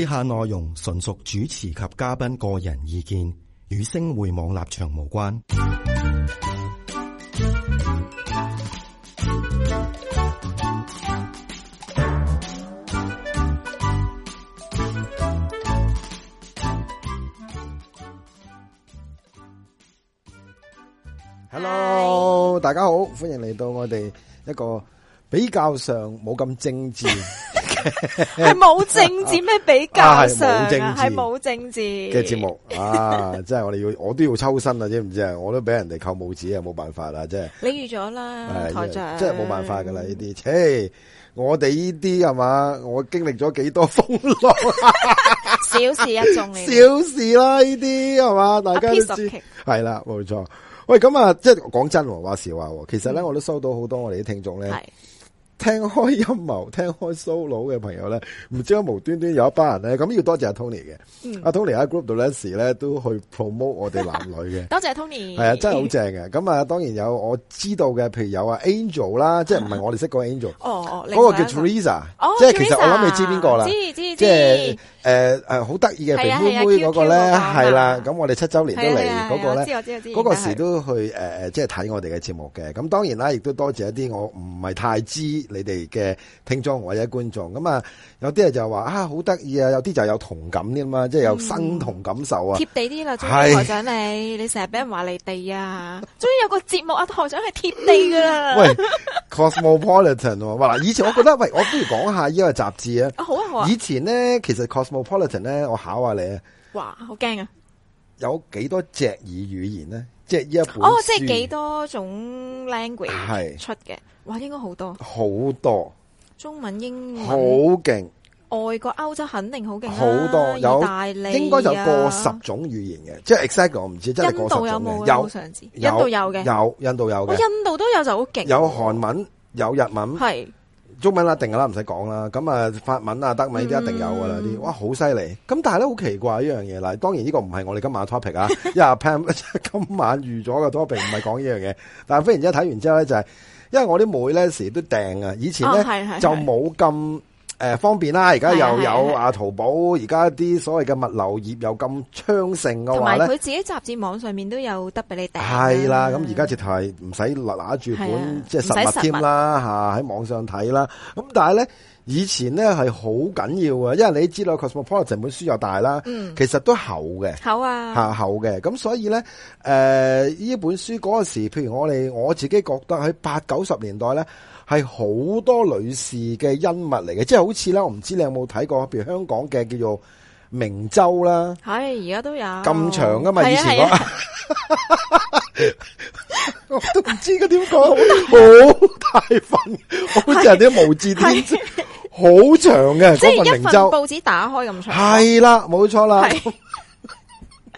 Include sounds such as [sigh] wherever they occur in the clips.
以下內容純屬主持及嘉賓個人意見，與星匯網立場無關。Hello，大家好，歡迎嚟到我哋一個比較上冇咁精致。係 [laughs] 冇政治咩比較上啊？係冇政治，係冇政治嘅節目啊！ [laughs] 真係我哋要，我都要抽身啦，知唔知啊？我都俾人哋扣帽子啊，冇辦法啦，即係。你預咗啦，台長，真係冇辦法噶啦呢啲。切，我哋呢啲係嘛？我經歷咗幾多風浪 [laughs] [laughs] 小事一樁，小事啦呢啲係嘛？大家都知，係啦，冇錯。喂，咁啊，即係講真話，話時話，其實咧、嗯，我都收到好多我哋啲聽眾咧。聽開陰謀聽開 solo 嘅朋友咧，唔知點解無端端有一班人咧，咁要多謝阿 Tony 嘅，阿、嗯、Tony 喺 group 度咧時咧都去 promote 我哋男女嘅。 [laughs] 多謝 Tony，係啊，真係好正嘅。咁、嗯、啊， [laughs] 當然有我知道嘅，譬如有 Angel 啦，嗯、即係唔係我哋識嗰 Angel 哦、那個、Therisa，哦，嗰個叫 Risa，即係其實我諗你知邊個啦，知知即係誒誒好得意嘅肥妹妹嗰、那個咧，係啦、啊，咁、啊那個啊、我哋七周年都嚟嗰、啊那個咧，嗰、啊那個時都去誒誒、呃、即係睇我哋嘅節目嘅。咁當然啦，亦都多謝一啲我唔係太知。你哋嘅聽眾或者觀眾咁啊，有啲人就話啊，好得意啊，有啲就有同感添嘛，即係有身同感受啊。貼地啲啦，係台長你，你成日俾人話你離地啊，終於有個節目啊，台長係貼地㗎啦。喂，Cosmopolitan，嗱， [laughs] 以前我覺得喂，我不如講下呢個雜誌啊。啊好啊，好啊。以前咧，其實 Cosmopolitan 咧，我考，考下你。哇，好驚啊！有幾多隻耳語言咧？即係一本哦，即係幾多種 language 出嘅，哇，應該好多好多，中文、英文好勁，外國歐洲肯定好勁好多有，意大利、啊、應該就過十種語言嘅，即係 exactly 我唔知道，真係過十種嘅，有上字，印度有嘅，有，有印度有嘅，我印、哦、印度都有就好勁，有韓文，有日文，係。中文一定噶啦，唔使講啦。咁啊，法文啊，德文呢啲一定有噶啦啲。哇，好犀利。咁但係咧好奇怪呢樣嘢啦。當然呢個唔係我哋今晚嘅 topic 啊。因為阿 Pam 今晚預咗嘅 topic 唔係講呢樣嘢。 [laughs] 但係忽然之間睇完之後咧，就係、是、因為我啲妹咧時都訂啊。以前咧、哦、就冇咁。誒、呃，方便啦！而家又有啊，淘寶而家啲所謂嘅物流業有咁昌盛嘅話，同埋佢自己雜誌網上面都有得俾你訂，係啦。咁而家直頭係唔使拿住本、啊、即係實物添啦，吓喺網上睇啦。咁但係咧。以前咧，係好緊要啊，因為你知道《Cosmopolitan》本書又大啦，嗯，其實都厚嘅，厚啊，吓厚嘅。咁所以咧，誒、呃，呢本書嗰陣時，譬如我哋我自己覺得喺八九十年代咧，係好多女士嘅恩物嚟嘅，即係好似啦，我唔知你有冇睇過，譬如香港嘅叫做《明周》啦，哎，係而家都有咁長噶嘛，以前，啊啊啊， [laughs] 我都唔知佢點講，好大份，好似啲無字天書 [laughs] [laughs] 好長嘅，即係一份報紙打開咁長。係啦，冇錯啦。錯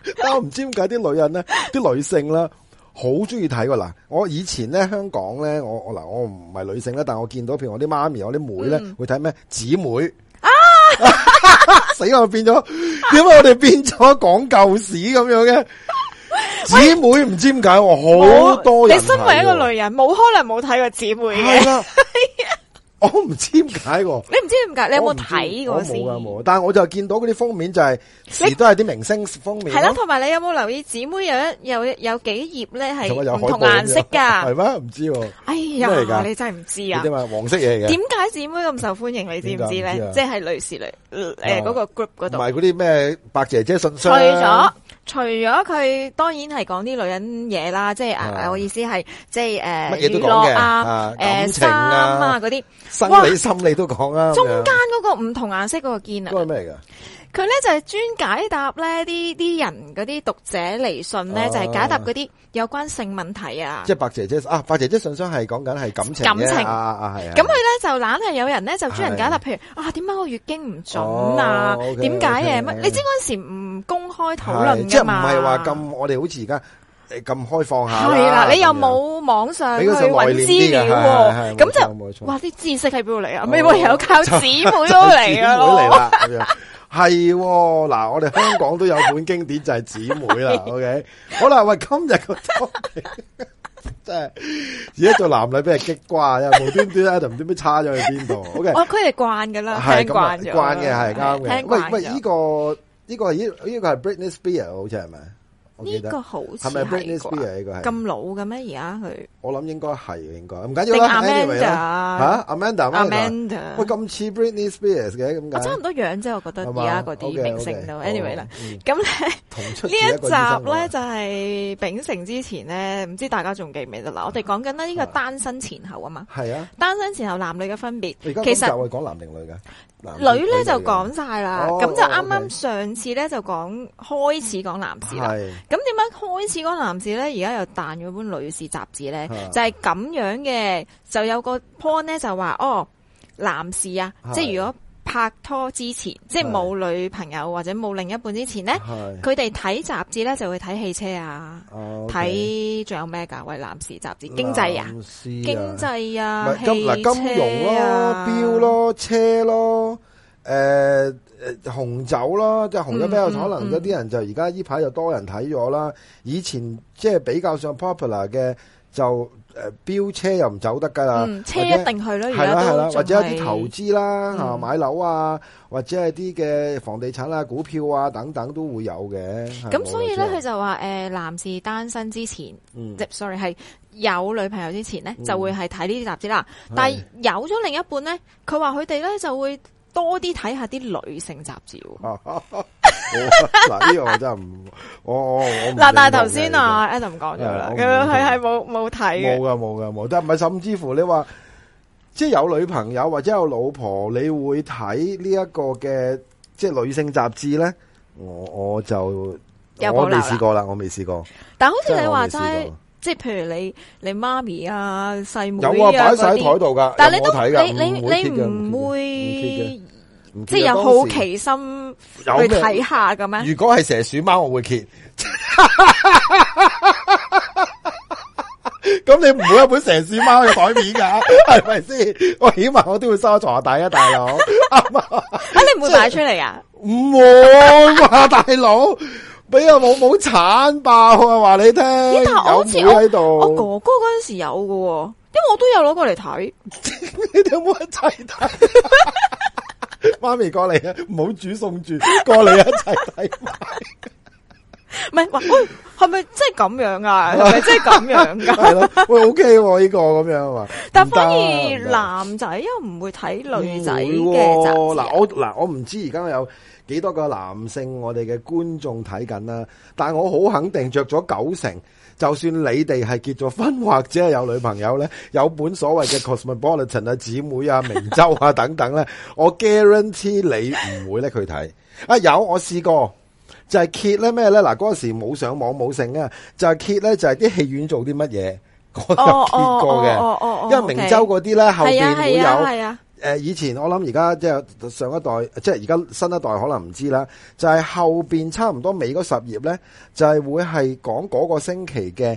[laughs] 但我唔知點解啲女人咧，啲女性呢啦好中意睇㗎喇。嗱，我以前咧，香港咧，我我嗱，我唔係女性啦，但係我見到譬如我啲媽咪，我啲妹咧、嗯，會睇咩姊妹啊！ [laughs] 死我變咗，點 [laughs] 解我哋變咗講舊史咁樣嘅？姊妹唔知點解，我好多人。你身為一個女人，冇可能冇睇過姊妹嘅。我唔知點解喎，你唔知點解？你有冇睇過先？冇冇，但係我就見到嗰啲封面就係、是，時都係啲明星封面、啊。係啦，同埋你有冇留意姊妹有一有有，有，頁有有幾頁咧係唔同顏色噶？係 [laughs] 咩？唔知喎、啊。哎呀，你真係唔知啊！點解黃色嘢、啊？點解姊妹咁受歡迎？你知唔知咧、啊？即、就、係、是、類似嚟誒，嗰、呃啊嗰個 group 嗰度。唔係嗰啲咩白姐姐信箱。去咗。除咗佢，當然係講啲女人嘢啦，即、啊、係啊！我意思係即係誒，啊娛樂啊，誒、啊，感情啊，嗰啲心理、心理、心理都講啊。中間嗰個唔同顏色嗰個肩啊，嗰個係咩㗎？佢咧就係、是、專解答咧啲啲人嗰啲讀者嚟信咧，就係、是、解答嗰啲有關性問題啊。即、哦、係、就是、白姐姐啊，白姐姐信箱係講緊係感情啊，係啊。咁佢咧就懶係有人咧就專人解答，譬如啊，點解我月經唔準啊？點解嘅乜？Okay, okay, 你知嗰陣時唔公開討論噶嘛即係唔係話咁？我哋好似而家。咁開放下，係啦，你又冇網上去揾資料喎，咁就錯哇啲知識喺邊度嚟啊？咪唯有靠姊妹咯嚟啊！姊妹嚟啦，係 [laughs] 嗱，我哋香港都有本經典就係、是、姊妹啦。OK，好啦，喂，今日個真係而家做男女俾人激慣，因 [laughs] 為無端端 Adam 唔知咩差咗去邊度。OK，我佢哋慣噶啦，聽慣咗慣嘅係啱嘅。喂喂，依、這個呢、這個係依依個係、這個、Britney Spears 好似係咪？呢個好似係，Britney Spears 呢個係，咁老嘅咩？而家佢我諗應該係應該，唔緊要啦。Amanda 吓，Amanda，Amanda，喂咁似 Britney Spears 嘅咁。我差唔多樣啫，我覺得而家嗰啲明星都。anyway 啦，咁咧。呢一,一集咧就係、是、秉承之前咧，唔知大家仲記唔記得啦？我哋講緊咧呢個單身前後啊嘛，係啊，單身前後男女嘅分別。其實就係講男定女嘅，女咧就講晒啦。咁、哦、就啱啱上次咧、哦 okay、就講開始講男士啦。咁點解開始講男士咧？而家又彈咗本女士雜誌咧？就係、是、咁樣嘅，就有個 point 咧就話哦，男士啊，是即係如果。拍拖之前，即係冇女朋友或者冇另一半之前咧，佢哋睇雜誌咧就會睇汽車啊、okay、啊啊啊車啊，睇仲有咩噶？喂，男士雜誌、經濟啊、經濟啊、金金融咯、表咯、車咯，誒、呃、誒紅酒咯，即係紅酒比較可能嗰啲人就而家呢排就多人睇咗啦嗯嗯嗯。以前即係比較上 popular 嘅就。誒，飆車又唔走得噶啦、嗯，車一定去咯。係啦，或者有啲投資啦，吓、嗯、買樓啊，或者係啲嘅房地產啊、股票啊等等都會有嘅。咁、嗯、所以咧，佢就話誒、呃，男士單身之前，即、嗯、sorry 係有女朋友之前咧、嗯，就會係睇呢啲雜誌啦。但係有咗另一半咧，佢話佢哋咧就會多啲睇下啲女性雜誌。 [laughs] 嗱 [laughs] 呢個 [laughs] 我真係唔，我我我嗱，但係頭先啊 Adam 講咗啦，佢佢係冇冇睇嘅，冇噶冇噶冇，但係、唔係、啊這個、甚至乎你話，即係有女朋友或者有老婆，你會睇呢一個嘅即係女性雜誌咧？我我就我未試過啦，我未試過，過。但係好似你話齋，即係譬如你你媽咪啊、細妹，妹，有啊擺晒喺枱度㗎、啊。但你都睇你你你唔會。即係有好奇心去睇下咁樣。如果係蛇鼠貓，我會揭。 [laughs] 咁 [laughs] [laughs] 你唔會有本蛇鼠貓嘅台面噶、啊，係咪先？我起碼我都會收藏下， [laughs] 大一大佬。咁 [laughs] [laughs] 你唔會擺出嚟啊？唔 [laughs] 會啊，大佬，俾阿老母慘爆啊！話你聽。我哥哥嗰陣時有喎、啊！因為我都有攞過嚟睇。 [laughs] 你哋有冇一齊睇？ [laughs] 媽咪過嚟啊！唔好煮餸住，過嚟啊，一齊睇埋。 [laughs] 唔係，喂，係咪即係咁樣噶？係咪即係咁樣噶？會 OK 喎，呢個咁樣啊？但反而、啊啊、男仔又唔會睇女仔嘅雜誌。嗱，我嗱，我唔知而家有幾多個男性我哋嘅觀眾睇緊啦。但我好肯定，着咗九成。就算你哋係結咗婚或者係有女朋友咧，有本所謂嘅 Cosmopolitan 啊、姊妹啊、明周啊等等咧，我 guarantee 你唔會拎佢睇。啊，有我試過。就係、是、揭咧咩咧嗱嗰陣時冇上網冇剩啊！就係、是、揭咧就係啲戲院做啲乜嘢，我揭過嘅。因為明周嗰啲咧後邊會有誒，以前我諗而家即係上一代，即係而家新一代可能唔知啦。就係、是、後邊差唔多尾嗰十頁咧，就係會係講嗰個星期嘅。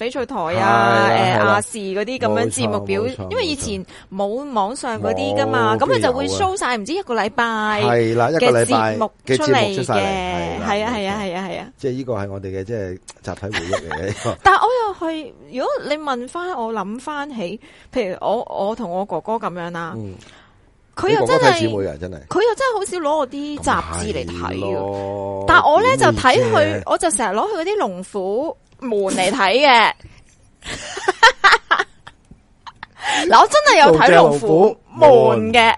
翡翠台啊，誒亞視嗰啲咁樣節目表，因為以前冇網上嗰啲噶嘛，咁佢、啊、就會 show 晒唔知一個禮拜嘅節目嘅節目出嚟嘅。係啊係啊係啊係啊，啊，啊，啊，啊，即係呢個係我哋嘅即係集體回憶嚟嘅。 [laughs] 這個、 [laughs] 但係我又去，如果你問翻我諗翻起，譬如我我同我，我哥哥咁樣啦，佢、嗯、又真係，佢又真係好少攞我啲雜誌嚟睇，但係我咧就睇佢，我就成日攞佢嗰啲農夫。門嚟睇嘅，嗱，我真係有睇《龍虎門》嘅，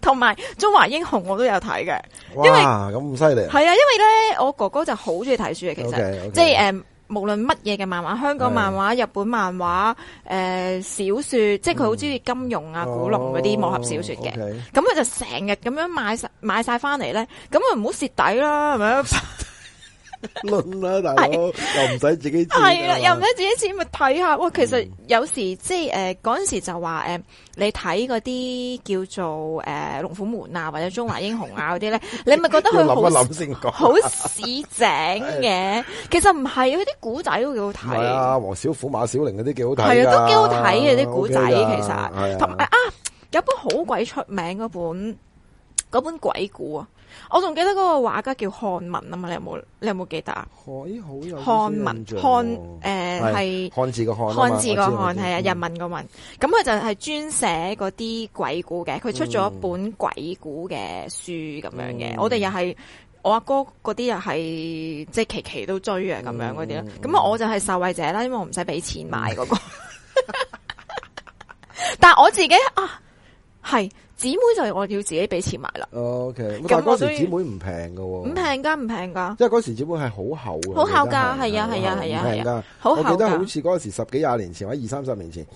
同埋《中華英雄》我都有睇嘅。哇，咁唔犀利！係啊，因為咧，我哥哥就好中意睇書嘅，其實即係誒，無論乜嘢嘅漫畫、香港漫畫、日本漫畫、誒小說，即係佢好中意金庸啊、古龍嗰啲武俠小說嘅。咁佢就成日咁樣買晒買晒翻嚟咧，咁佢唔好蝕底啦，係咪啊？論啦、啊，大佬又唔使自己、啊。係啦、啊，又唔使自己錢、啊，咪睇下。哇，其實有時即係誒嗰陣時就話誒、呃，你睇嗰啲叫做誒《龍、呃、虎門啊》啊或者《中華英雄啊嗰啲》啊嗰啲咧，你咪覺得佢好，好市井嘅。 [laughs] 其實唔係啊，啲古仔都幾好睇。啊，黃小虎、馬小玲嗰啲幾好睇。係啊，都幾好睇嘅啲古仔，其實同啊，有，啊有本好鬼出名嗰本，本鬼故啊。我仲記得嗰個畫家叫漢文啊嘛，你有冇？你有冇記得啊？漢文漢誒係漢字個漢，漢字個漢，係啊，日文個文。咁佢、呃、就係專寫嗰啲鬼故嘅，佢、嗯、出咗一本鬼故嘅書咁、嗯、樣嘅。我哋又係我阿哥嗰啲又係即係期期都追啊咁、嗯、樣嗰啲啦。咁我就係受惠者啦，因為我唔使俾錢買嗰、嗰個。嗯、 [laughs] [laughs] 但係我自己啊，係。姊妹就係我要自己俾錢買啦。OK 咁嗰時姊妹唔平噶喎。唔平噶，唔平噶。即係嗰時姊妹係好厚㗎，好厚㗎，係啊，係啊，係啊。唔平㗎，好厚。我記得好似嗰時十幾廿年前或者二三十年前。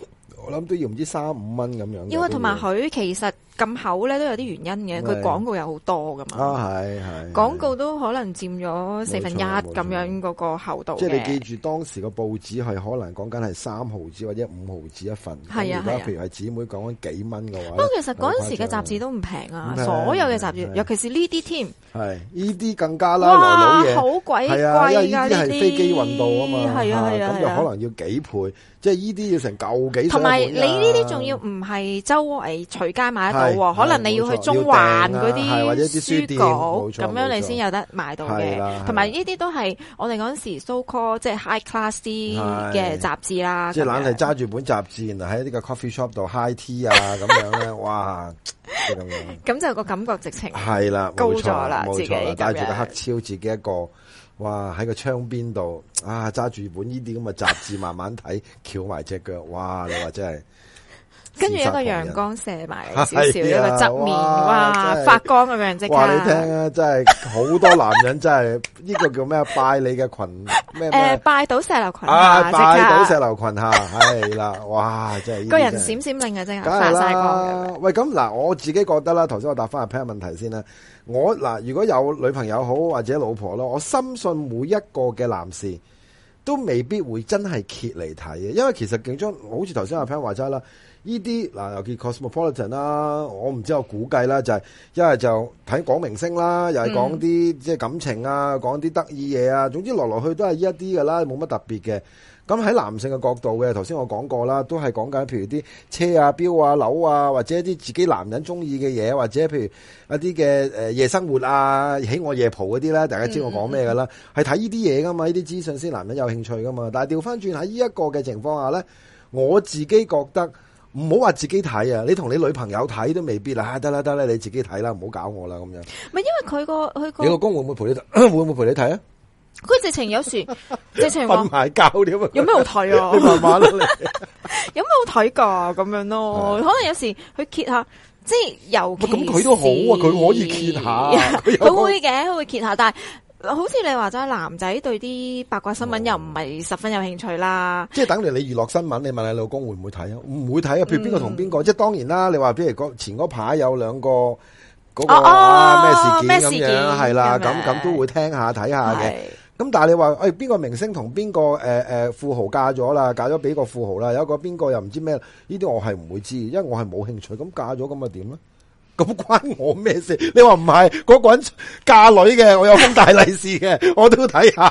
我諗都要唔知三五蚊咁樣。因為同埋佢其實咁厚咧都有啲原因嘅，佢廣告又好多噶嘛。啊係係。廣告都可能佔咗四分一咁、啊、樣嗰個厚度。即係你記住當時個報紙係可能講緊係三毫紙或者五毫紙一份，而家譬如係姊妹講緊幾蚊嘅話。不過其實嗰陣時嘅雜誌都唔平啊，所有嘅雜誌，尤其是呢啲添。係呢啲更加啦。哇！好鬼貴㗎呢啲。係啊，因為呢啲係飛機運到啊嘛，係啊，咁就可能要幾倍，即係呢啲要成舊幾。唔係你呢啲仲要唔係周圍隨街買得到喎，可能你要去中環嗰啲書,、啊、書店，咁樣你先有得買到嘅。同埋呢啲都係我哋嗰陣時 so called 即係 high class 啲嘅雜誌啦。即係懶係揸住本雜誌，然後喺呢個 coffee shop 度 high tea 啊咁樣咧，哇！咁 [laughs] 這樣 [laughs] 就個感覺直情係啦，高咗啦，自己帶住個黑超，自己一個。哇！喺個窗邊度啊，揸住本呢啲咁嘅雜誌慢慢睇，翹埋隻腳，哇！你話真係～跟住個陽光射埋少少一個側面，哇，哇發光咁樣即刻。話你聽啊，真係好多男人真係呢 [laughs] 個叫咩啊？拜你嘅裙咩誒，拜倒石榴裙，啊，拜倒石榴裙，吓，係啦，哇，真係個人閃閃令啊，真係晒晒光。喂，咁嗱，我自己覺得啦，頭先我答翻阿 Pen 問題先啦。我嗱，如果有女朋友好或者老婆囉，我深信每一個嘅男士都未必會真係揭嚟睇嘅，因為其實競爭，好似頭先阿 Pen 話齋啦。呢啲嗱尤其 Cosmopolitan 啦、啊，我唔知我估計啦，就係一係就睇講明星啦，又係講啲、嗯、即係感情啊，講啲得意嘢啊，總之落落去都係呢一啲嘅啦，冇乜特別嘅。咁喺男性嘅角度嘅，頭先我講過啦，都係講緊譬如啲車啊、表啊、樓啊，或者一啲自己男人中意嘅嘢，或者譬如一啲嘅夜生活啊、喜愛夜蒲嗰啲咧，大家知我講咩嘅啦，係睇呢啲嘢噶嘛，呢啲資訊先男人有興趣噶嘛。但係調返轉喺呢一個嘅情況下咧，我自己覺得。唔好話自己睇啊！你同你女朋友睇都未必啦，吓。得啦得啦，你自己睇啦，唔好搞我啦咁樣。咪係因為佢個佢個，你老公會唔會陪你？會唔會陪你睇 [laughs] 啊？佢直情有時直情瞓埋覺添，有咩好睇啊？你慢慢嚟，有咩好睇噶？咁樣咯，可能有時去揭下，即係尤其咁佢都好啊，佢可以揭下，佢會嘅，佢會揭下，但係。好似你話齋，男仔對啲八卦新聞又唔係十分有興趣啦，哦。即係等於你娛樂新聞，你問你老公會唔會睇啊？唔會睇啊！譬如邊個同邊個，嗯、即係當然啦。你話譬如前嗰排有兩個嗰、嗰個咩、哦哦啊、事件咁樣，係啦，咁咁都會聽下睇下嘅。咁但係你話，哎、欸，邊個明星同邊個誒誒、呃呃、富豪嫁咗啦？嫁咗俾個富豪啦。有一個邊個又唔知咩？呢啲我係唔會知，因為我係冇興趣。咁嫁咗咁啊點咧？咁關我咩事？你話唔係嗰個人嫁女嘅，我有咁大利是嘅，我都睇下，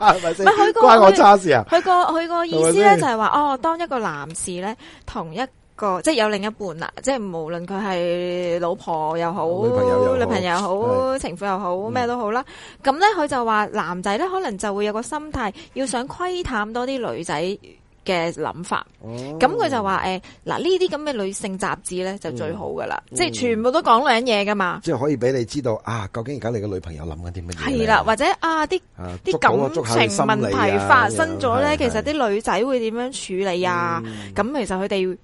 係咪先？關我差事啊？佢個佢個意思咧 [laughs] 就係話哦，當一個男士咧同一個即係有另一半啦、啊，即係無論佢係老婆又好，女朋友又好，情婦又好，咩都好啦。咁咧佢就話男仔咧可能就會有個心態，要想窺探多啲女仔。嘅諗法，咁、嗯、佢就話誒，嗱呢啲咁嘅女性雜誌咧就最好噶啦、嗯，即係全部都講兩嘢噶嘛，即係可以俾你知道啊，究竟而家你嘅女朋友諗緊啲乜嘢？係啦，或者啊，啲啲、啊、感情問題發生咗咧，其實啲女仔會點樣處理啊？咁、嗯、其實佢哋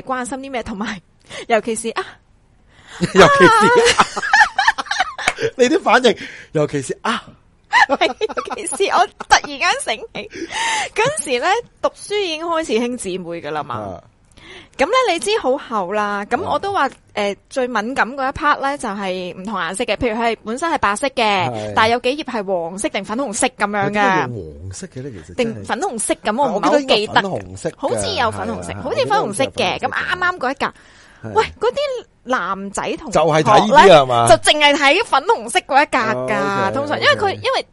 誒關心啲咩？同埋尤其是啊，尤其是、啊、 [laughs] [laughs] 你啲反應，尤其是啊。係， [laughs] 其實我突然間醒起，嗰 [laughs] 時咧讀書已經開始興姊妹噶啦嘛。咁、啊、咧你知好厚啦。咁我都話誒最敏感嗰一 part 咧就係唔同顏色嘅，譬如係本身係白色嘅，但係有幾頁係黃色定粉紅色咁樣嘅。黃色嘅咧其實定粉紅色咁，我冇都記得，啊、記得紅色好似有粉紅色，好似粉紅色嘅。咁啱啱嗰一格。啊喂，嗰啲男仔同就係睇呢啲啊嘛，就淨係睇粉紅色嗰一格噶，通常因為佢因為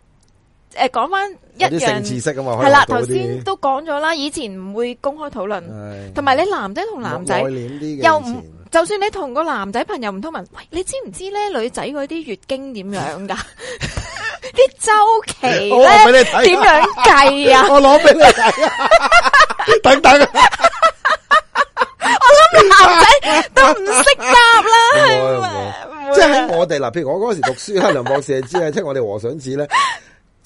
誒講翻一樣知識啊嘛，係啦，頭先都講咗啦，以前唔會公開討論，同埋你男仔同男仔又唔就算你同個男仔朋友唔通問，喂，你知唔知咧女仔嗰啲月經點樣噶？啲周期咧點樣計啊？我攞俾你睇，等等。男 [laughs] 仔都唔識答啦，即係喺我哋嗱， [laughs] 譬如我嗰時讀書啦， [laughs] 梁博士亦知啦，聽、即係、我哋和尚寺咧。 [laughs]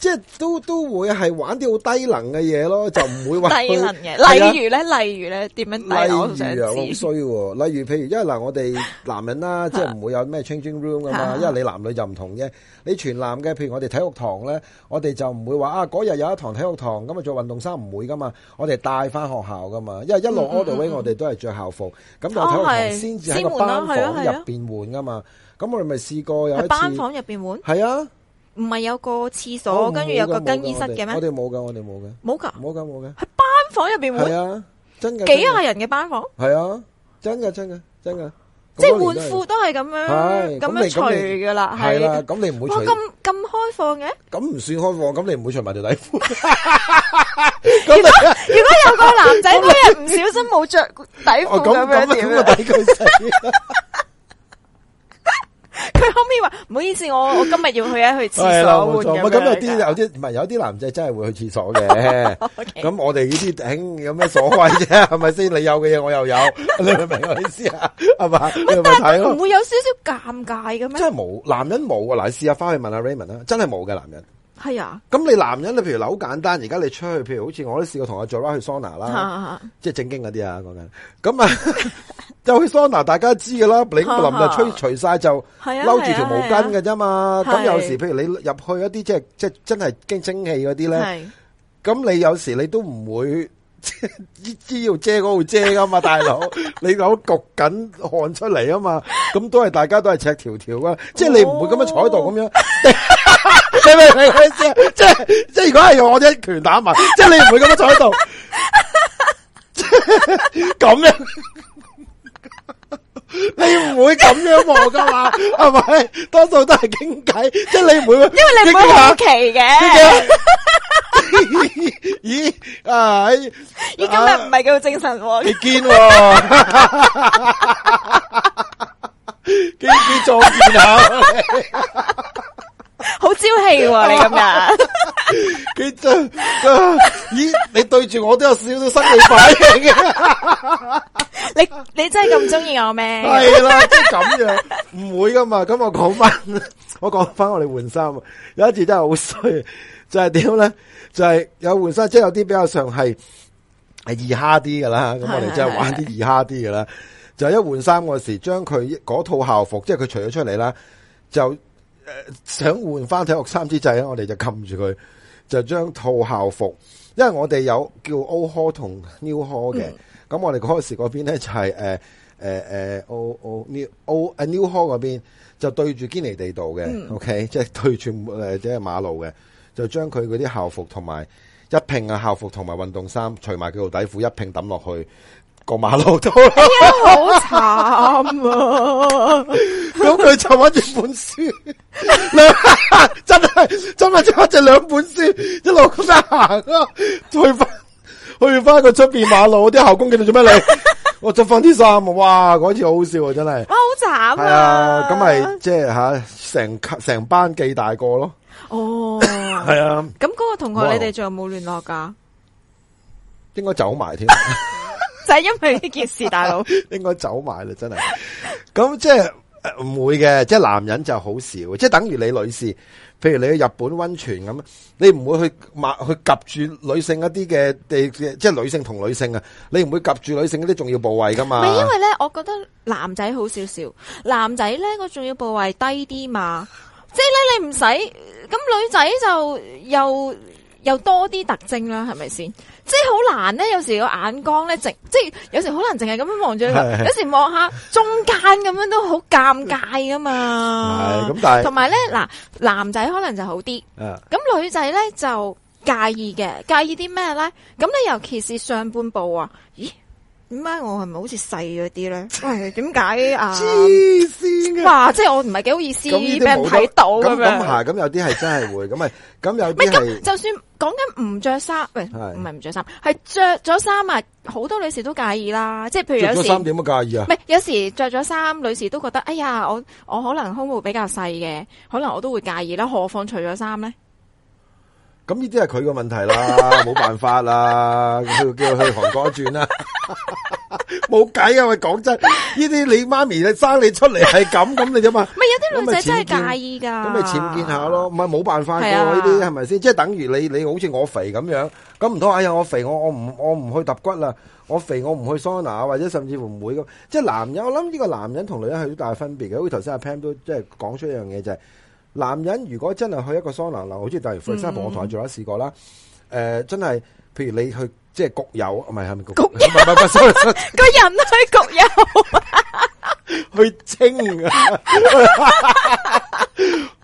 即係都都會係玩啲好低能嘅嘢咯，就唔會話低能嘅。例如咧，例如咧，點樣低？我想知。好衰喎！例如，譬如，因為嗱，我哋男人啦，即係唔會有咩 changing room 噶嘛。因為你男女就唔同嘅。你全男嘅，譬如我哋體育堂咧，我哋就唔會話啊，嗰日有一堂體育堂，咁啊着運動衫唔會噶嘛。我哋帶翻學校噶嘛。因為一路 all the way，我哋都係着校服。咁到體育堂先至喺個班房入邊換噶嘛。咁我哋咪試過有一次班房入邊換，係啊。唔係有個廁所，跟住有個更衣室嘅咩？我哋冇噶，我哋冇嘅。冇噶，冇噶，冇嘅。喺班房入邊，係啊，真嘅，幾廿人嘅班房，係啊，真嘅，真嘅，真嘅。即係換褲都係咁樣，係咁樣除嘅啦。係啦，咁你唔會哇咁咁開放嘅？咁唔算開放，咁你唔會除埋條底褲。如果如果有個男仔嗰日唔小心冇着底褲咁樣點咧？佢後尾話，唔好意思，我我今日要去一去廁所換，咁咁有啲有啲唔係有啲男仔真係會去廁、 [laughs] okay. 所嘅。咁我哋呢啲頂有咩所謂啫？係咪先？你有嘅嘢，我又有， [laughs] 你明唔明我意思啊？係 [laughs] 嘛？但係唔會有少少尷尬嘅咩？真係冇男人冇啊！嗱，試下翻去問下 Raymond 啦，真係冇嘅男人。係啊，咁你男人你譬如好簡單，而家你出去譬如好似我都試過同阿做啦，去桑拿啦，即係正經嗰啲啊講緊，咁 [laughs] [laughs] [laughs] 啊，去桑拿大家知噶啦，淋臨就吹除晒就，係啊，嬲住條毛巾嘅啫嘛，咁有時譬如你入去一啲即係即係真係經蒸汽嗰啲咧，咁你有時你都唔會。 [laughs] 遮依要遮嗰度遮噶嘛，大佬， [laughs] 你攞焗緊汗出嚟啊嘛，咁都係大家都係赤條條啊，即係你唔會咁樣坐喺度咁樣這，係 [laughs] 咪？ [laughs] [laughs] [laughs] 你 [laughs] [laughs] 即係即係即係，如果係用我哋一拳打埋，即係你唔會咁樣坐喺度，咁樣，你唔會咁樣望噶嘛？係咪？多數都係傾偈，即係你唔會，因為你唔會好奇嘅。 [laughs] [laughs] 咦啊！咦，今日唔係幾好精神，你堅，幾幾壯健下，好朝氣喎！你咁日，幾壯咦，你對住我都有少少生理反應嘅！你你真係咁中意我咩？係啦，即係咁樣，唔會噶嘛？咁我講翻，我講翻，我哋換衫啊！有一次真係好衰。就係、是、點樣咧？就係、是、有換衫，即、就、係、是、有啲比較上係係易蝦啲噶啦。咁我哋即係玩啲易蝦啲噶啦。是的就一換衫嗰時候，將佢嗰套校服，即係佢除咗出嚟啦，就誒、呃、想換翻體育衫之際咧，我哋就撳住佢，就將套校服。因為我哋有叫 O Hall 同 New Hall 嘅，咁、嗯、我哋嗰個時嗰邊咧就係誒誒誒 O New O New Hall 嗰邊就對住堅尼地道嘅、嗯、，OK，就是、呃、即係對住部誒即係馬路嘅。就將佢嗰啲校服同埋一拼嘅校服同埋運動衫除埋佢個底褲一拼抌落去個馬路度、哎。好慘啊！咁佢就揾住本書， [laughs] 兩本真係真係就揾住兩本書一路咁樣行啊，去翻去翻個出邊馬路啲校 [laughs] 工佢哋做咩嚟？我着翻啲衫，哇！嗰次好好笑啊，真係、哦、啊，啊，好慘、就是、啊！咁咪即係吓成成班記大個咯～哦，係 [coughs] 啊，咁、那、嗰個同學你有有，你哋仲有冇聯絡噶？應該走埋添，就係因為呢件事，大佬應該走埋啦，真係。咁 [laughs] 即係唔會嘅，即係男人就好少，即係等於你女士，譬如你去日本溫泉咁，你唔會去抹去夾住女性一啲嘅地，即係女性同女性啊，你唔會夾住女性一啲重要部位噶嘛。係因為咧，我覺得男仔好少少，男仔咧個重要部位低啲嘛。即係咧，你唔使咁女仔，就又又多啲特徵啦，係咪先？即係好難咧，有時個眼光咧，淨即係有時可能淨係咁樣望住你，有時望下中間咁樣都好尷尬噶嘛。係咁，但係同埋咧，嗱，男仔可能就好啲。誒，咁女仔咧就介意嘅，介意啲咩咧？咁你尤其是上半部啊？咦？為是不是點解我係咪好似細咗啲咧？點解啊？黐線嘅，哇！即係我唔係幾好意思俾人睇到咁樣。咁咁咁有啲係真係會咁啊。咁有啲就算講緊唔着衫，唔係唔係唔着衫，係着咗衫啊！好多女士都介意啦。即係譬如有時衫點解介意啊？唔係有時着咗衫，女士都覺得哎呀，我我可能胸部比較細嘅，可能我都會介意啦。何況除咗衫咧？咁呢啲係佢個問題啦，冇辦法啦，叫佢去韓國轉啦，冇計啊！喂，講真，呢啲你媽咪你生你出嚟係咁，咁你點啊？咪有啲女仔真係介意噶，咁咪僭建下咯，唔係冇辦法噶呢啲，係咪先？即係等於你，你好似我肥咁樣，咁唔通哎呀，我肥我我唔我唔去揼骨啦，我肥我唔去桑拿啊，或者甚至乎唔會咁。即係男人，我諗呢個男人同女人係好大分別嘅。好似頭先阿 Pam 都即係講出一樣嘢就係。男人如果真係去一個桑拿，樓，好似例如 Fraser 我同佢做啦，試過啦。誒，真係，譬如你去即係焗油，唔係係咪焗？唔唔唔，唔係，個人去焗油，去清啊，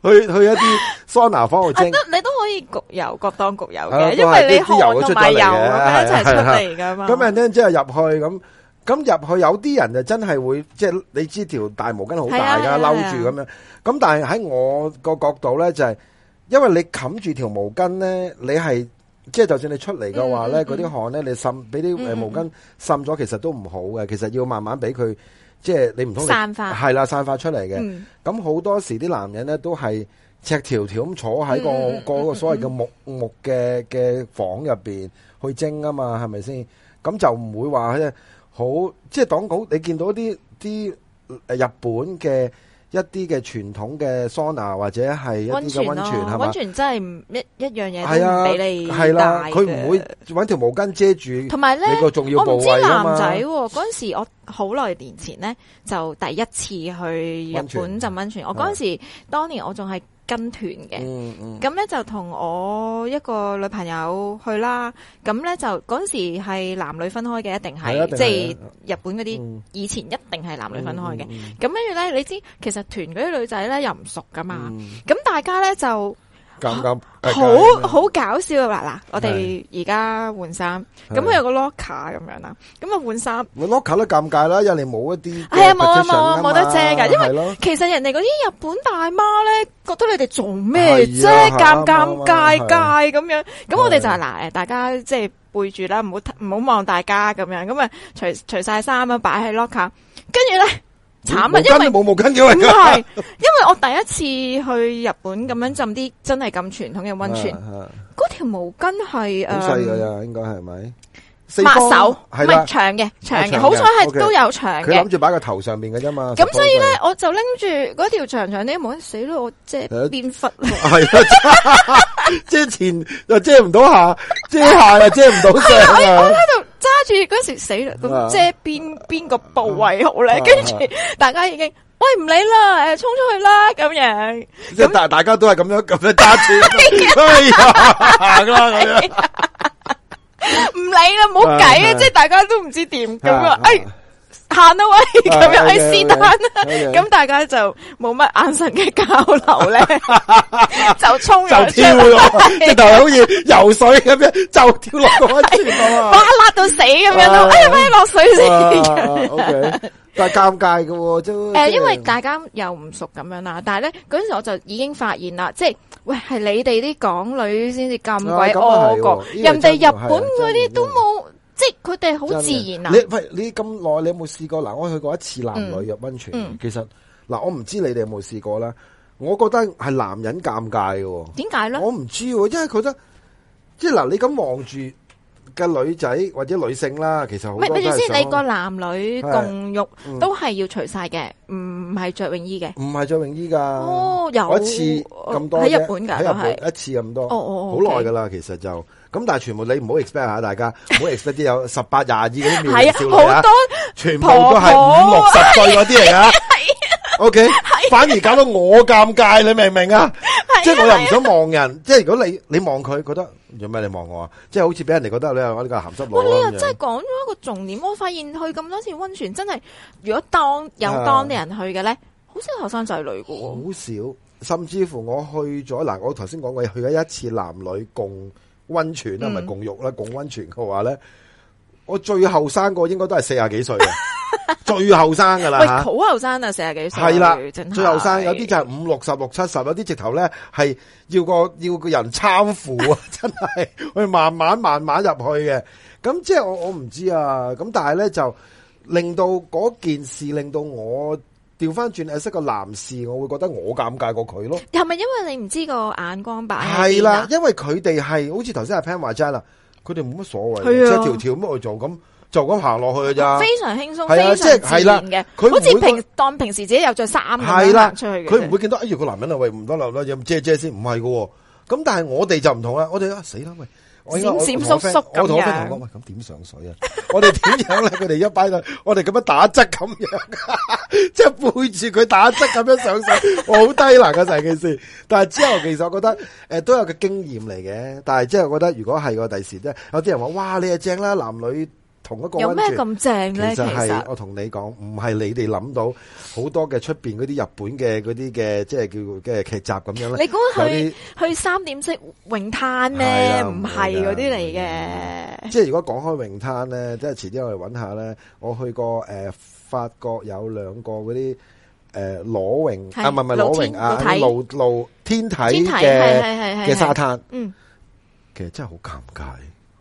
去去一啲桑拿房去清。你都可以焗油、各當焗油嘅，因為你汗同埋油一齊出嚟噶嘛。咁人咧即係入去咁。咁入去有啲人就真係會，即係你知條大毛巾好大噶摟住咁樣。咁但係喺我個角度咧，就係因為你冚住條毛巾咧，你係即係就算你出嚟嘅話咧，嗰啲汗咧，你滲俾啲誒毛巾滲咗，其實都唔好嘅。其實要慢慢俾佢，即係你唔通散發係啦，散發出嚟嘅。咁好多時啲男人咧都係赤條條咁坐喺個個所謂嘅木木嘅嘅房入邊去蒸啊嘛，係咪先？咁就唔會話咧。好，即係黨稿，你見到啲啲誒日本嘅一啲嘅傳統嘅桑拿或者係一啲嘅溫泉係溫泉，啊、溫泉真係一一樣嘢，係啊，俾你係啦，佢唔會搵條毛巾遮住，同埋咧個重要部位啊。我唔知男仔嗰陣時，我好耐年前咧就第一次去日本浸溫泉，泉。我嗰陣時，當年我仲係。跟團嘅，咁、嗯、咧、嗯、就同我一個女朋友去啦。咁咧就嗰陣時係男女分開嘅，一定係即係日本嗰啲、嗯、以前一定係男女分開嘅。咁跟住咧，你知其實團嗰啲女仔咧又唔熟㗎嘛，咁、嗯、大家咧就。尷、嗯嗯嗯、好、嗯、好搞笑 locker、嗯、啊！話嗱，我哋而家換衫，咁佢有個 locker 咁樣啦，咁啊換衫，locker 都尷尬啦，人嚟冇一啲，係啊冇冇冇得遮噶，因為其實人哋嗰啲日本大媽咧，覺得你哋做咩啫，尷尷、啊、尬、尬尬咁、啊啊啊啊啊啊啊啊、樣，咁、啊、我哋就係嗱、啊，大家即係背住啦，唔好唔好望大家咁樣，咁啊，除除晒衫啊，擺喺 locker，跟住咧。慘啊，沒因為冇毛巾嘅，係， [laughs] 因為我第一次去日本咁樣浸啲真係咁傳統嘅溫泉，嗰 [laughs] 條毛巾係誒，細嘅咋，應該係咪？抹手，唔係長嘅，長嘅，長啊、長好彩係都有長嘅。佢諗住擺個頭上面嘅啫嘛，咁所以咧，我就拎住嗰條長長啲毛巾，死咯，我遮邊忽，係啊，遮前又遮唔到下，遮下又遮唔到上 [laughs] 揸住嗰時死啦，遮邊邊個部位好咧？跟、啊、住、啊、大家已經喂唔理啦，誒衝出去啦咁樣，即係大家都係咁樣咁樣揸住、啊啊哎啊，行啦咁樣，唔、啊啊啊、理啦，冇、啊、計啊！即係大家都唔知點咁啊，哎行到喂，咁樣去私單啦，咁大家就冇乜眼神嘅交流咧，就衝咗，就跳咗，直頭好似游水咁樣就跳落，哇辣到死咁樣咯，哎呀媽，落水先，但係尷尬嘅喎，都誒，因為大家又唔熟咁樣啦，但係咧嗰陣時我就已經發現啦，即係喂係你哋啲港女先至咁鬼惡個，人哋日本嗰啲都冇。即係佢哋好自然啊！你喂，你咁耐，你有冇試過？嗱，我去過一次男女入溫泉，嗯嗯。其實嗱，我唔知你哋有冇試過啦。我覺得係男人尷尬嘅，點解咧？我唔知，因為覺得即係嗱，你咁望住嘅女仔或者女性啦，其實唔係。總之，先你個男女共浴，嗯、都係要除晒嘅，唔係着泳衣嘅，唔係着泳衣噶。哦，有一次咁多喺，呃、日本噶，喺日本一次咁多，哦好耐噶啦，其實就。咁但係全部你唔好 expect 下大家，唔好 expect 啲有十八廿二嗰啲妙齡少女、啊、婆婆全部都係五六十歲嗰啲嚟㗎。啊啊啊、o、okay? K，、啊啊、反而搞到我尷尬，你明唔明啊，啊？即係我又唔想望人，啊啊、即係如果你你望佢，覺得有咩你望我你你啊？即係好似俾人哋覺得你係我呢個鹹濕佬。你又真係講咗一個重點。我發現去咁多次溫泉，真係如果當有當地人去嘅咧，好、啊、少後生仔女噶。好、嗯、少，甚至乎我去咗嗱，我頭先講過我去咗一次男女共。溫泉啦，咪共浴啦，共溫泉嘅話咧，嗯，我最後生個應該都係四十幾歲嘅， [laughs] 最後生噶啦，喂，好後生啊，四十幾歲係啦，最後生有啲就係五六十六七十，有啲直頭咧係要個要個人攙扶啊，真係，我哋慢慢慢慢入去嘅，咁即係我我唔知啊，咁但係咧就令到嗰件事令到我。調翻轉，識個男士，我會覺得我尷尬過佢咯。係咪因為你唔知個眼光吧？係啦，因為佢哋係好似頭先阿 Pan 話齋啦，佢哋冇乜所謂，即係條條乜嘢做咁，就咁行落去嘅啫。非常輕鬆，非常輕鬆，即係係啦，佢好似平當平時自己有著衫係啦出去嘅，佢唔會見到哎呀個男人啊喂唔多留啦，有遮遮先，唔係噶。咁但係我哋就唔同啦，我哋啊死啦喂！閃閃縮縮咁啊！我同同我講喂，咁點上水啊？ [laughs] 我哋點樣咧？佢 [laughs] 哋一班度，我哋咁樣打側咁樣，即 [laughs] 係背住佢打側咁樣上水，好 [laughs] 低能嘅成件事。但係之後其實我覺得誒、呃、都有個經驗嚟嘅。但係之後我覺得如果係個第時，即係有啲人話哇，你係正啦，男女。同一個有咩咁正咧？就係我同你講，唔係你哋諗到好多嘅出邊嗰啲日本嘅嗰啲嘅，即係叫嘅劇集咁樣。你估去去三點式泳灘咩？唔係嗰啲嚟嘅。即係如果講開泳灘咧，即係遲啲我哋揾下咧。我去過誒，法國有兩個嗰啲誒裸泳啊，唔係唔係裸泳啊，露露天體嘅嘅沙灘。嗯，其實真係好尷尬，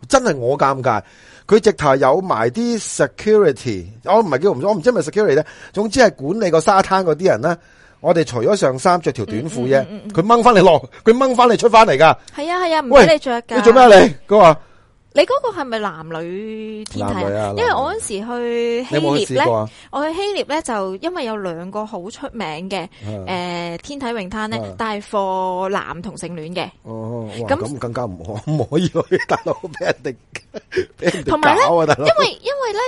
真係我尷尬。佢直頭有埋啲 security，我唔係叫唔，我唔知係咪 security 咧。總之係管理個沙灘嗰啲人呢。我哋除咗上衫，着條短褲啫，佢掹翻你落，佢掹翻你出翻嚟噶。係啊係啊，唔俾、啊、你着噶。你做咩、啊、你？佢話。你嗰個係咪男女天體女啊？因為我嗰時去希臘咧，我去希臘咧就因為有兩個好出名嘅誒、嗯呃、天體泳灘咧，帶、嗯、貨男同性戀嘅。哦，咁更加唔可唔可以去大陸俾人哋同埋搞、啊、因為因為咧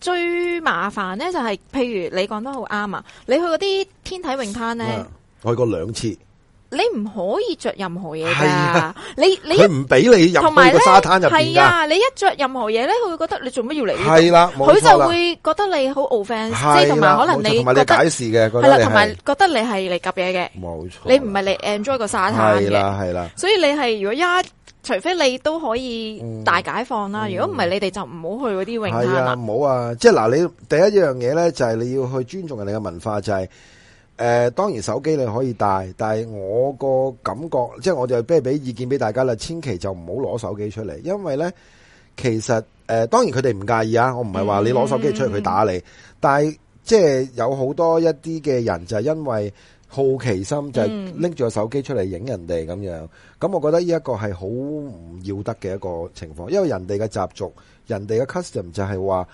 最麻煩咧就係、是，譬如你講得好啱啊！你去嗰啲天體泳灘咧、嗯，我去過兩次。你唔可以着任何嘢噶，你你佢唔俾你入去個沙灘入邊噶。係啊，你一着任何嘢咧，佢會覺得你做乜要嚟呢度？係啦，佢就會覺得你好 offensive，即係同埋可能你覺得解釋嘅，係啦，同埋覺得你係嚟夾嘢嘅。冇錯，你唔係嚟 enjoy 個沙灘嘅。係啦，係啦。所以你係如果一，除非你都可以大解放啦。如果唔係，你哋就唔好去嗰啲泳灘啦。唔好啊，即係嗱，你第一樣嘢咧就係你要去尊重人哋嘅文化，就係。誒、呃，當然手機你可以帶，但係我個感覺，即係我就不如俾意見俾大家啦，千祈就唔好攞手機出嚟，因為呢，其實誒、呃，當然佢哋唔介意啊，我唔係話你攞手機出嚟去打你，嗯、但係即係有好多一啲嘅人就係因為好奇心就拎住個手機出嚟影人哋咁樣，咁、嗯、我覺得呢一個係好唔要得嘅一個情況，因為人哋嘅習俗，人哋嘅 custom 就係話。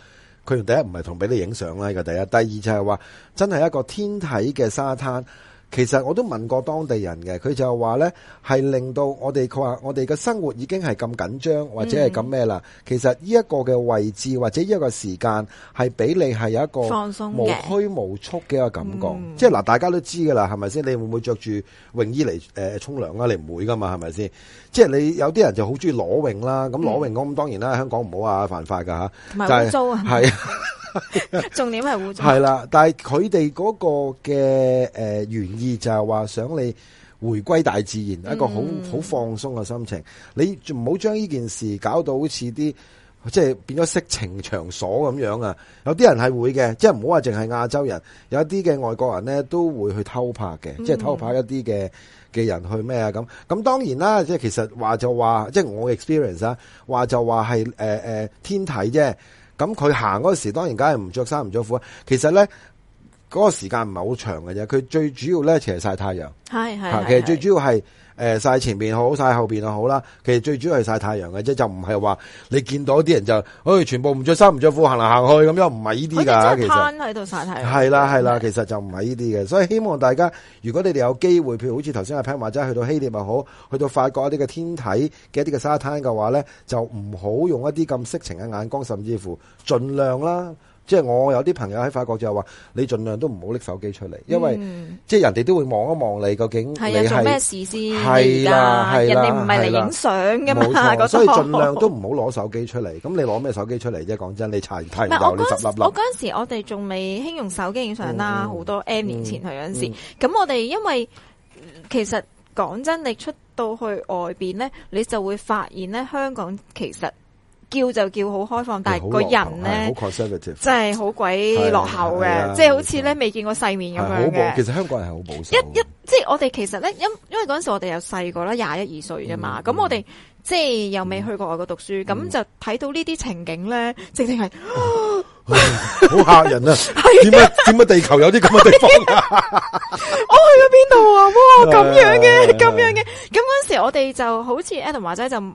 佢第一唔係同俾你影相啦，個第一。第二就係、是、話，真係一個天體嘅沙灘。其實我都問過當地人嘅，佢就話咧，係令到我哋，佢話我哋嘅生活已經係咁緊張或者係咁咩啦。其實呢一個嘅位置或者呢一個時間係俾你係有一個放鬆嘅無拘無束嘅一個感覺。嗯、即係嗱，大家都知噶啦，係咪先？你會唔會着住泳衣嚟誒沖涼啊？你唔會噶嘛，係咪先？即係你有啲人就好中意裸泳啦。咁裸泳咁，當然啦，香港唔好啊，犯法噶吓，嗯，就係、是、係。 [laughs] [laughs] 重點係污糟，係啦，但係佢哋嗰個嘅誒原意就係話想你回歸大自然，一個好好放鬆嘅心情。你唔好將呢件事搞到好似啲即係變咗色情場所咁樣啊！有啲人係會嘅，即係唔好話淨係亞洲人，有一啲嘅外國人咧都會去偷拍嘅，嗯、即係偷拍一啲嘅嘅人去咩啊？咁咁當然啦，即係其實話就話，即係我 experience 啊，話就話係誒誒天體啫。咁佢行嗰時，當然梗係唔着衫唔着褲啊！其實咧，嗰個時間唔係好長嘅啫。佢最主要咧，其實曬太陽，係係， [music] 其實最主要係。誒，晒前面好曬後邊又好啦，其實最主要係晒太陽嘅啫，就唔係話你見到啲人就，誒、哎，全部唔着衫唔着褲行嚟行去咁樣，唔係呢啲噶。佢喺度晒太陽。係啦係啦，其實就唔係呢啲嘅，所以希望大家，如果你哋有機會，譬如好似頭先阿 Pan 話齋去到希臘又好，去到法國一啲嘅天體嘅一啲嘅沙灘嘅話咧，就唔好用一啲咁色情嘅眼光，甚至乎盡量啦。即係我有啲朋友喺法國就話，你盡量都唔好拎手機出嚟，因為即係人哋都會望一望你究竟係係做咩事先，係啦，係啦，係嚟影相嘅嘛，所以盡量都唔好攞手機出嚟。咁你攞咩手機出嚟啫？講真，你擦都唔到你十粒粒。我嗰陣時，時我哋仲未興用手機影相啦，好、嗯、多 N 年，年前嗰陣時。咁、嗯嗯、我哋因為其實講真，你出到去外邊咧，你就會發現咧，香港其實。叫就叫好開放，但係個人咧真係好鬼落後嘅。即係、就係、好似咧未見過世面咁樣嘅。其實香港人係好保守。一一即係我哋其實咧因因為嗰陣時我哋、嗯、又細個啦，廿一二歲啫嘛，咁我哋即係又未去過外國讀書，咁、嗯、就睇到呢啲情景咧，直情係、嗯、 [laughs] [laughs] 好嚇人啊！點解點解地球有啲咁嘅地方啊？啊 [laughs] 我去咗邊度啊？哇！咁、啊啊、樣嘅，咁樣嘅，咁嗰陣時我哋就好似 Adam 話齋就。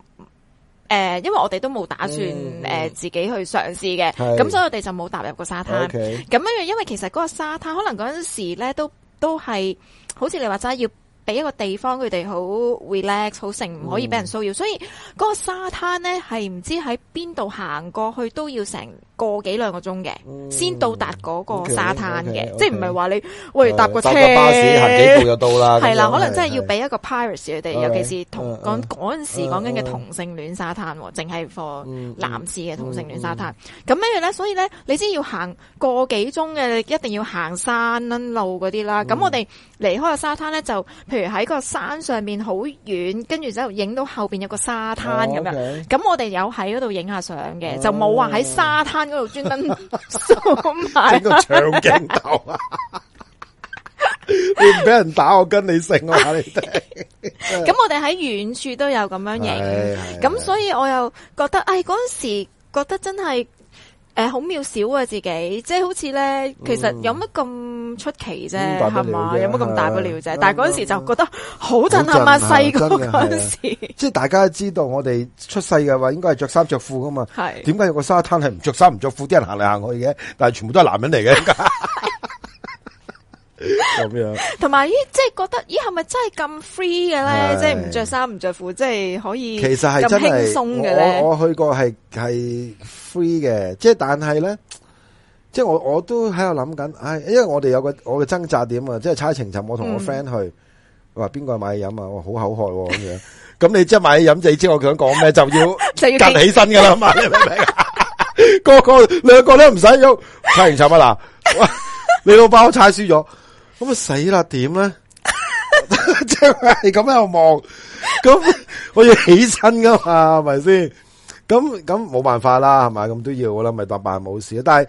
誒、呃、因為我哋都冇打算誒、嗯呃、自己去嘗試嘅，咁所以我哋就冇踏入過沙灘。咁、okay. 樣樣，因為其實嗰個沙灘可能嗰陣時咧都都係好似你話齋要俾一個地方佢哋好 relax，好成唔可以俾人騷擾、嗯，所以嗰個沙灘咧係唔知喺邊度行過去都要成。個幾兩個鐘嘅，先到達嗰個沙灘嘅，mm -hmm. okay. Okay. Okay. 即係唔係話你喂搭個、okay. 車，搭巴士行幾步就到啦。係啦，可能真係要俾一個 pirate 佢哋，尤其是同講嗰陣時講緊嘅同性戀沙灘，淨係個男士嘅同性戀沙灘。咁咩嘅咧？所以咧，你先要行個幾鐘嘅，一定要行山路嗰啲啦。咁我哋離開個沙灘咧，就譬如喺個山上面好遠，跟住就影到後邊有個沙灘咁、uh okay. 樣。咁我哋有喺嗰度影下相嘅，就冇話喺沙灘。Uh uh 嗯喺度專登收埋整個長鏡頭啊！會唔 [laughs] 俾 [laughs] 人打我，跟你姓啊！你哋咁 [laughs] [laughs] 我哋喺遠處都有咁樣影，咁、哎哎哎哎、所以我又覺得，唉、哎，嗰時覺得真係。誒、呃，好渺小啊自己，即係好似咧、嗯，其實有乜咁出奇啫，係、嗯、嘛？有乜咁大不了啫、啊？但係嗰陣時就覺得好震撼，細個嗰陣時，即 [laughs] 係大家知道我哋出世嘅話，應該係着衫着褲噶嘛。係，點解有個沙灘係唔着衫唔着褲啲人行嚟行去嘅？但係全部都係男人嚟嘅。 [laughs] 咁樣，同埋咦，即係覺得咦，係咪真係咁 free 嘅咧？即係唔着衫唔着褲，即係、就是、可以，其實係真輕鬆嘅咧。我去過係係 free 嘅，即係但係咧，即係我我都喺度諗緊，唉，因為我哋有個我嘅掙扎點、嗯、啊，即係猜情尋。我同我 friend 去，話邊個買飲啊，我好口渴咁樣。咁你即係買飲，就你知我想講咩，就要 [laughs] 就要企起身噶啦嘛。 [laughs] 你明白 [laughs] 個個兩個都唔使喐，猜情尋啊。嗱， [laughs] 你老包猜輸咗。咁啊，死啦，點咧？即係咁喺度望，咁我要起身噶嘛，係咪先？咁咁冇辦法啦，係咪？咁都要啦，咪白扮冇事。但係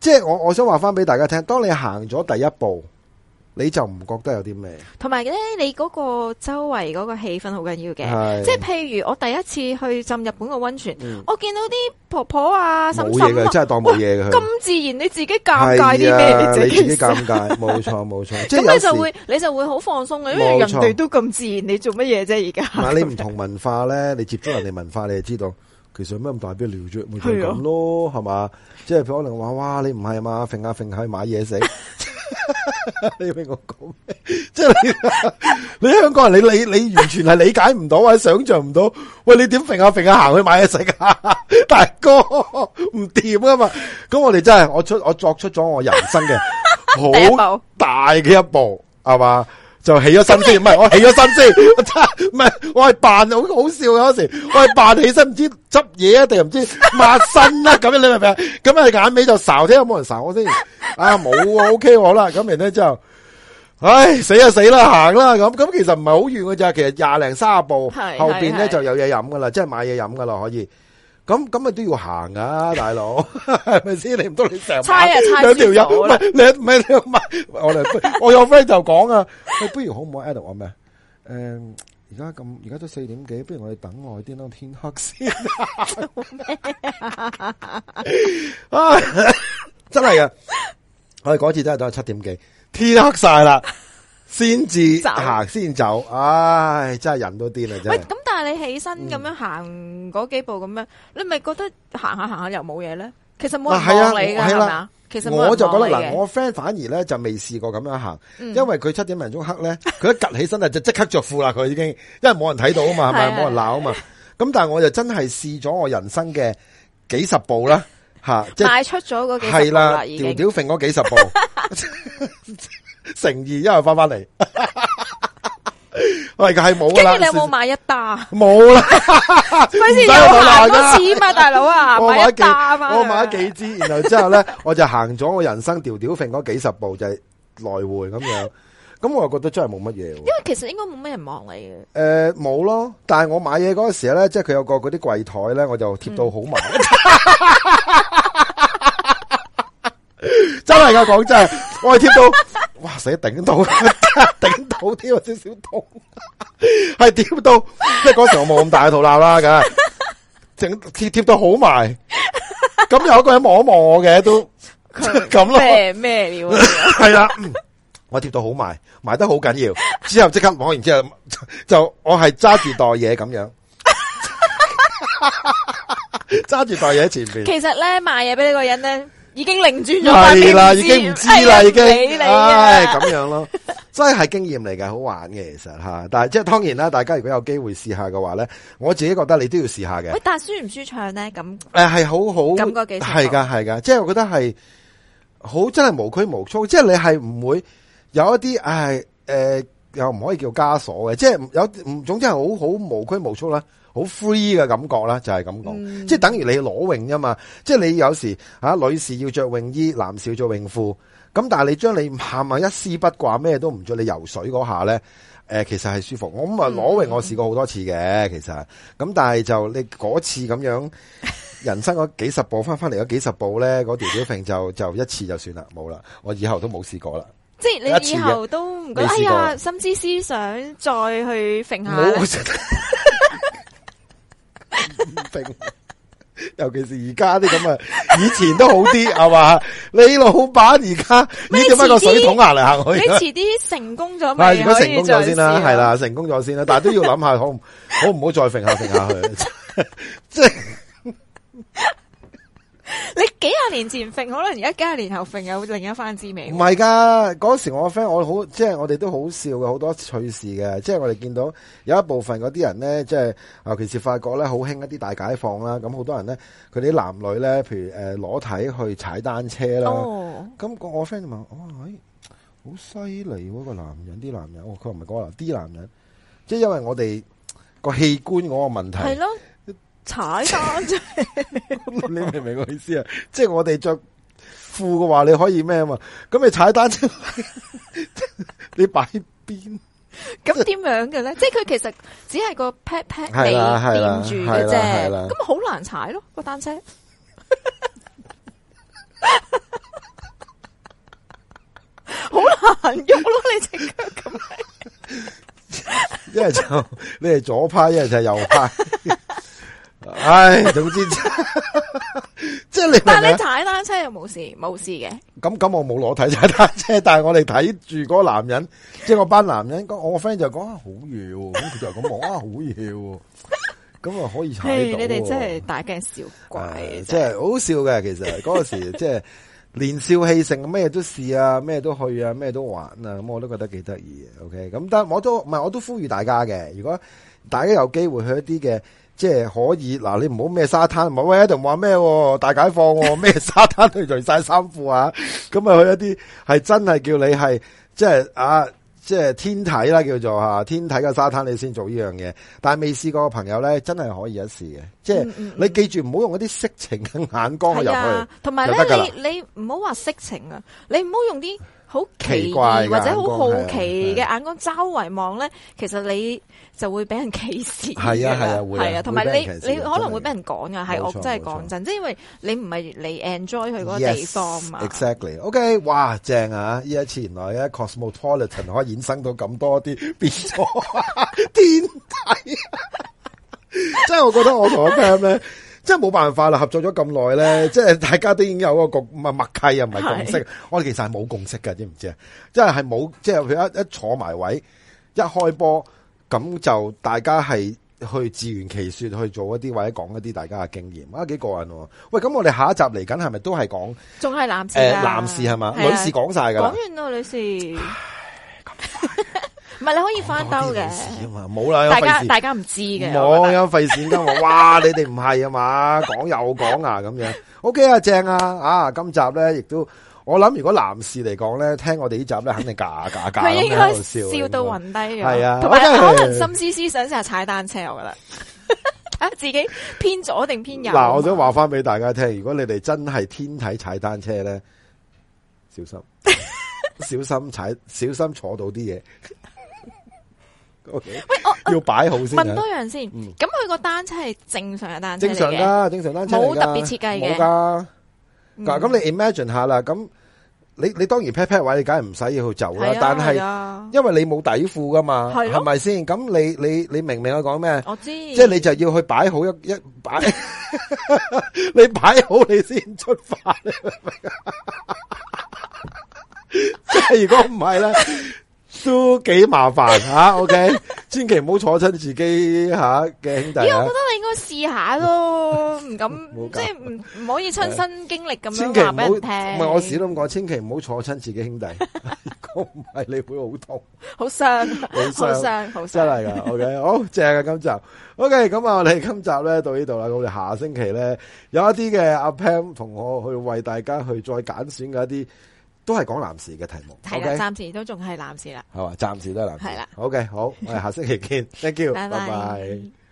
即係我我想話翻俾大家聽，當你行咗第一步。你就唔覺得有啲咩？同埋咧，你嗰個周圍嗰個氣氛好緊要嘅，即係譬如我第一次去浸日本嘅溫泉，嗯、我見到啲婆婆啊、甚至冇嘢真係當冇嘢㗎。咁自然你自己尷尬啲咩？你自己尷尬，尬，冇錯冇錯。咁、就是、你就會，你就會好放鬆嘅，因為人哋都咁自然，你做乜嘢啫？而家嗱，你唔同文化咧， [laughs] 你接觸人哋文化，你就知道其實有咩咁大不了，着唔同咯，係嘛？即係可能話哇，你唔係嘛？揈下揈下買嘢食。 [laughs] [laughs] 你問我講咩？即係你，你香港人，你理你，你完全係理解唔到，或者想象唔到。喂，你點揈下揈下行去買嘢食噶？大哥唔掂啊嘛！咁我哋真係我出我作出咗我人生嘅好大嘅一步，係嘛？就起咗身先，唔係我起咗身先， [laughs] 我唔係我係扮，好，好笑嗰時，我係扮起身，唔知執嘢啊，定唔知抹身啦，咁樣你明唔明，咁啊眼尾就睄，睇、哎、有冇人睄我先？啊冇啊，OK 好啦，咁然之後呢就，唉死就死啦，行啦，咁咁其實唔係好遠嘅咋，其實廿零卅步，後邊咧就有嘢飲噶啦，即係買嘢飲噶啦，可以。咁咁咪都要行啊，大佬，係咪先？你唔多，你成日猜啊猜唔到咯。唔係，兩咩兩萬？我哋我有 friend 就講啊，不如好唔好？at 我咩？誒，而家咁，而家都四點幾，不如我哋等耐啲，等到天黑先。啊，真係噶！我哋嗰次真係等到七點幾，天黑晒啦。先至行先走，唉，真係人都癲啦！喂，咁但係你起身咁樣行嗰幾步咁樣，嗯、你咪覺得行下行下又冇嘢咧？其實冇人望你噶，係、啊、咪啊，啊，啊？其實我就覺得嗱，我 friend 反而咧就未試過咁樣行，因為佢七點零鐘黑咧，佢一夾起身啊就即刻着褲啦，佢 [laughs] 已經，因為冇人睇到啊嘛，係咪冇人鬧啊嘛？咁但係我就真係試咗我人生嘅幾十步啦，吓、 [laughs] 啊，邁、就是、出咗嗰係啦，條條揈嗰幾十步。 [laughs] [laughs] 成二一日翻翻嚟，喂，係冇啦。跟住你有冇買一打？冇啦，費事又行多次嘛，大佬啊！我買幾買一打，我買咗幾支，然後之後咧， [laughs] 我就行咗我人生吊吊揈嗰幾十步，就係、是、來回咁樣。咁我又覺得真係冇乜嘢。因為其實應該冇咩人望你嘅。誒、呃，冇咯。但係我買嘢嗰時咧，即係佢有個嗰啲櫃台咧，我就貼到好埋。嗯、 [laughs] [laughs] 真係噶，講真，我係貼到。哇！死頂到，頂 [laughs] 到啲有少少痛，係貼到，即係嗰時我冇咁大嘅肚腩啦，梗整貼貼到好埋，咁有一個人望一望我嘅都咁咯。咩咩料？係 [laughs] 啦， [laughs] 我貼到好埋，埋得好緊要，之後即刻摸完之後就我係揸住袋嘢咁樣，揸 [laughs] 住 [laughs] 袋嘢喺前邊。其實咧賣嘢俾你個人咧，已經擰轉咗，係啦，已經唔知啦、哎，已經你、哎，咁樣咯， [laughs] 真係經驗嚟嘅，好玩嘅其實吓，但係即係當然啦，大家如果有機會試下嘅話咧，我自己覺得你都要試下嘅。喂，但係舒唔舒暢咧？咁誒，係好好，感覺幾係噶係噶，即係我覺得係好真係無拘無束，即係你係唔會有一啲，唉，誒、呃，又唔可以叫枷鎖嘅，即係有，總之係好好無拘無束啦。好 free 嘅感覺啦，就係咁講，即係等於你裸泳啫嘛。即係你有時、啊、女士要着泳衣，男士要著泳褲。咁但係你將你慢慢一絲不掛，咩都唔著，你游水嗰下咧，誒其實係舒服。我咁啊裸泳，我試過好多次嘅，其實咁，但係就你嗰次咁樣，人生嗰幾十步翻翻嚟嗰幾十步咧，嗰條小 f 就就一次就算啦，冇啦，我以後都冇試過啦。即係你以後都唔覺得？哎呀，心思思想再去 f 下。 [laughs] 尤其是而家啲咁啊，以前都好啲係嘛？你老闆而家咦，點解個水桶行嚟行去？ [laughs] 你遲啲成功咗未？係，如果成功咗先啦，係 [laughs] 啦，成功咗先啦， [laughs] 但係都要諗下，好唔好唔好再揈下揈下佢，即係。你幾廿年前揈，可能而家幾廿年後揈有另一番滋味，不是的。唔係㗎，嗰時我 friend 我好，即係我哋都好笑嘅，好多趣事嘅。即係我哋見到有一部分嗰啲人咧，即係尤其是法國咧，好興一啲大解放啦。咁好多人咧，佢哋啲男女咧，譬如攞、呃、裸體去踩單車啦。咁、oh。我我 friend 就問我好犀利喎，個男人啲男人，我佢唔係個男啲男人，即係因為我哋個器官嗰個問題。踩單車， [laughs] 咁你明唔明我意思啊？即係我哋着褲嘅話，你可以咩啊嘛？咁你踩單車 [laughs] [laughs] 你，你擺邊？咁點樣嘅咧？即係佢其實只係個 pat pat 你墊住嘅啫、啊，咁好、啊啊啊啊、難踩咯個單車，好 [laughs] [laughs] 難喐咯、啊、你隻腳，一係就你係左派，一係就係右派。 [laughs] 唉，總之 [laughs] [laughs] 即係你。但係你踩單車又冇事，冇事嘅。咁咁我冇攞睇踩單車，但係我哋睇住嗰個男人，即係嗰班男人，我個 friend 就講啊好熱，咁佢就咁講啊好熱，咁啊可以踩到。係、 [laughs] 嗯、你哋真係大驚小怪，啊、真係好笑嘅。其實嗰、那個、時即係年少氣盛，咩 [laughs] 都試啊，咩都去啊，咩都玩啊，咁我都覺得幾得意嘅。OK，咁但係我都唔係，我都呼籲大家嘅，如果大家有機會去一啲嘅。即係可以，嗱、啊、你唔好咩沙灘，唔好喂，喺度話咩大解放，咩沙灘去除晒衫褲啊？咁 [laughs] 啊就去一啲係真係叫你係即係啊，即係天體啦叫做吓天體嘅沙灘，你先做呢樣嘢。但係未試過嘅朋友咧，真係可以一試嘅。嗯嗯即係你記住唔好用一啲色情嘅眼光去入去，同埋、啊、呢，你你唔好話色情啊，你唔好用啲。很奇怪奇怪的或者很好奇怪或者好好奇嘅眼光，啊啊、周圍望咧，其實你就會俾人歧視。係啊係啊，會啊。同埋、啊、你你可能會俾人講㗎，係我真係講真的，即係因為你唔係你 enjoy 佢嗰個地方嘛。Exactly，OK，okay，哇正啊！依一次原來咧 Cosmopolitan 可以衍生到咁多啲變態， [laughs] 天體啊、 [laughs] [laughs] 真係我覺得我同我 friend 咧。即係冇辦法啦，合作咗咁耐咧，即係大家都已經有個共唔係默契啊，唔係共識。我哋其實係冇共識噶，知唔知啊？即係係冇，即係佢一一坐埋位，一開波咁就大家係去自圓其說去做一啲或者講一啲大家嘅經驗啊，幾過癮喎！喂，咁我哋下一集嚟緊係咪都係講？仲係男士誒、啊呃，男士係嘛、啊？女士講晒噶，講完咯、啊，女士。唉 [laughs] 唔係你可以翻兜嘅，冇啦。大家大家唔知嘅，冇有費事噶。我是我是 [laughs] 哇，你哋唔係啊嘛，講又講啊咁樣。OK 啊，正啊，啊今集咧亦都，我諗如果男士嚟講咧，聽我哋呢集咧，肯定假假假咁樣笑，應該笑到暈低嘅。係啊、okay，可能心思思想成日踩單車，我覺得，啊，自己偏左定偏右？嗱，我想話翻俾大家聽、嗯，如果你哋真係天體踩單車咧，小心，小心踩，小心坐到啲嘢。喂，我要擺好先，問多樣先。咁佢個單車係正常嘅單車，正常噶，正常單車，冇特別設計嘅。冇噶。咁你 imagine 下啦，咁你你當然 pat pat 位，你梗係唔使要去走啦。但係因為你冇底褲噶嘛，係咪先？咁你你你明唔明我講咩？我知。即係你就要去擺好一一擺，你擺好你先出發。即係如果唔係咧。都幾麻煩吓、 [laughs] 啊，OK，千祈唔好坐親自己吓嘅兄弟，啊。咦，我覺得你應該試下咯，唔敢， [laughs] 即係唔唔可以親身經歷咁樣話 [laughs] 俾人聽唔係我少諗過，千祈唔好坐親自己的兄弟，唔 [laughs] 係 [laughs] 你會好痛，好傷，好 [laughs] 傷，好傷，真係噶。OK，好正啊，今集 OK，咁啊，我哋今集咧到呢度啦，我哋下星期咧有一啲嘅阿，啊、Pam 同學去為大家去再揀選嘅一啲。都係講男士嘅題目，係啦，okay？暫啊，暫時都仲係男士啦。係嘛？暫時都係男士。係啦。好嘅，好，我哋下星期見。 [laughs] Thank you，拜拜。Bye bye。